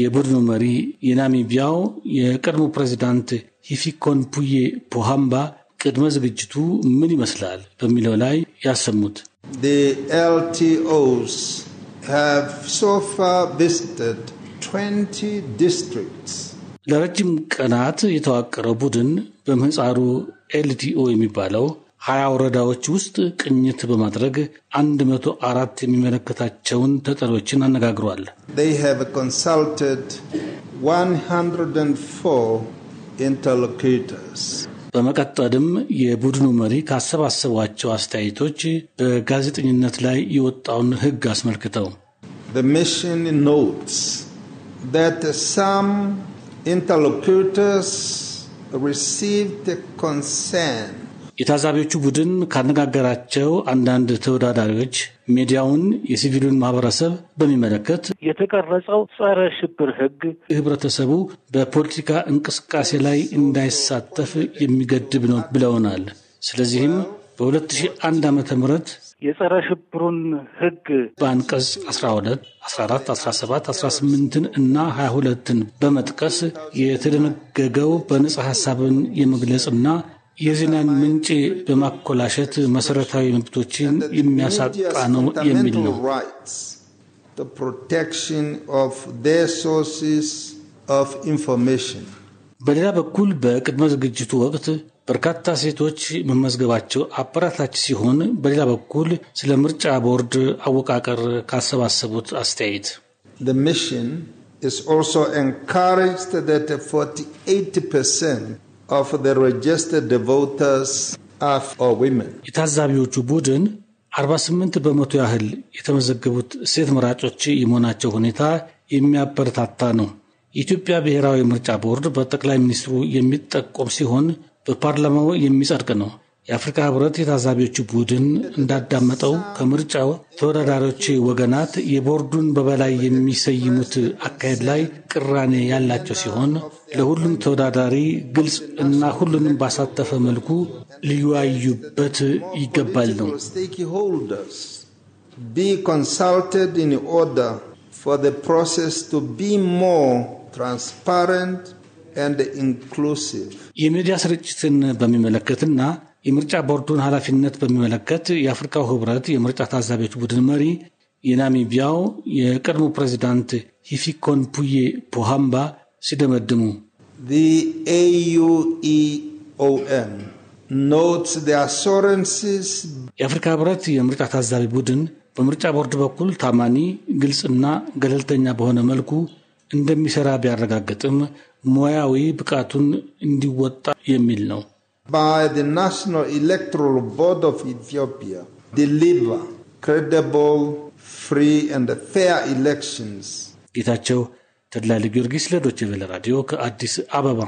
የቡድኑ መሪ የናሚቢያው የቀድሞ ፕሬዚዳንት ፑዬ ፖሃምባ ቅድመ ዝግጅቱ ምን ይመስላል በሚለው ላይ ያሰሙት ለረጅም ቀናት የተዋቀረው ቡድን በምህፃሩ ኤልቲኦ የሚባለው ሀያ ወረዳዎች ውስጥ ቅኝት በማድረግ አንድ መቶ አራት የሚመለከታቸውን ተጠሪዎችን አነጋግሯል። በመቀጠልም የቡድኑ መሪ ካሰባሰቧቸው አስተያየቶች በጋዜጠኝነት ላይ የወጣውን ሕግ አስመልክተው ኢንተርሎኪተርስ ሪሲቭድ ኮንሰንት የታዛቢዎቹ ቡድን ካነጋገራቸው አንዳንድ ተወዳዳሪዎች ሚዲያውን የሲቪሉን ማህበረሰብ በሚመለከት የተቀረጸው ጸረ ሽብር ህግ ህብረተሰቡ በፖለቲካ እንቅስቃሴ ላይ እንዳይሳተፍ የሚገድብ ነው ብለውናል። ስለዚህም በ2001 ም የጸረ ሽብሩን ህግ በአንቀጽ 12፣ 14፣ 17፣ እና 22ን በመጥቀስ የተደነገገው በነጻ ሀሳብን የመግለጽና የዝናን ምንጭ በማኮላሸት መሠረታዊ መብቶችን የሚያሳጣ ነው የሚል ነው። በሌላ በኩል በቅድመ ዝግጅቱ ወቅት በርካታ ሴቶች መመዝገባቸው አበራታች ሲሆን፣ በሌላ በኩል ስለ ምርጫ ቦርድ አወቃቀር ካሰባሰቡት አስተያየት ሚሽን የታዛቢዎቹ ቡድን 48 በመቶ ያህል የተመዘገቡት ሴት መራጮች የመሆናቸው ሁኔታ የሚያበረታታ ነው። የኢትዮጵያ ብሔራዊ ምርጫ ቦርድ በጠቅላይ ሚኒስትሩ የሚጠቆም ሲሆን በፓርላማው የሚጸድቅ ነው። የአፍሪካ ህብረት የታዛቢዎች ቡድን እንዳዳመጠው ከምርጫው ተወዳዳሪዎች ወገናት የቦርዱን በበላይ የሚሰይሙት አካሄድ ላይ ቅራኔ ያላቸው ሲሆን ለሁሉም ተወዳዳሪ ግልጽ እና ሁሉንም ባሳተፈ መልኩ ሊወያዩበት ይገባል ነው። የሚዲያ ስርጭትን በሚመለከትና የምርጫ ቦርዱን ኃላፊነት በሚመለከት የአፍሪካው ህብረት የምርጫ ታዛቢዎች ቡድን መሪ የናሚቢያው የቀድሞ ፕሬዚዳንት ፑዬ ፖሃምባ ሲደመድሙ e የአፍሪካ ህብረት የምርጫ ታዛቢ ቡድን በምርጫ ቦርድ በኩል ታማኒ፣ ግልጽና ገለልተኛ በሆነ መልኩ እንደሚሰራ ቢያረጋግጥም ሙያዊ ብቃቱን እንዲወጣ የሚል ነው። by the National Electoral Board of Ethiopia deliver credible, free and fair elections. ጌታቸው ተድላ ጊዮርጊስ ለዶቼ ቬለ ራዲዮ ከአዲስ አበባ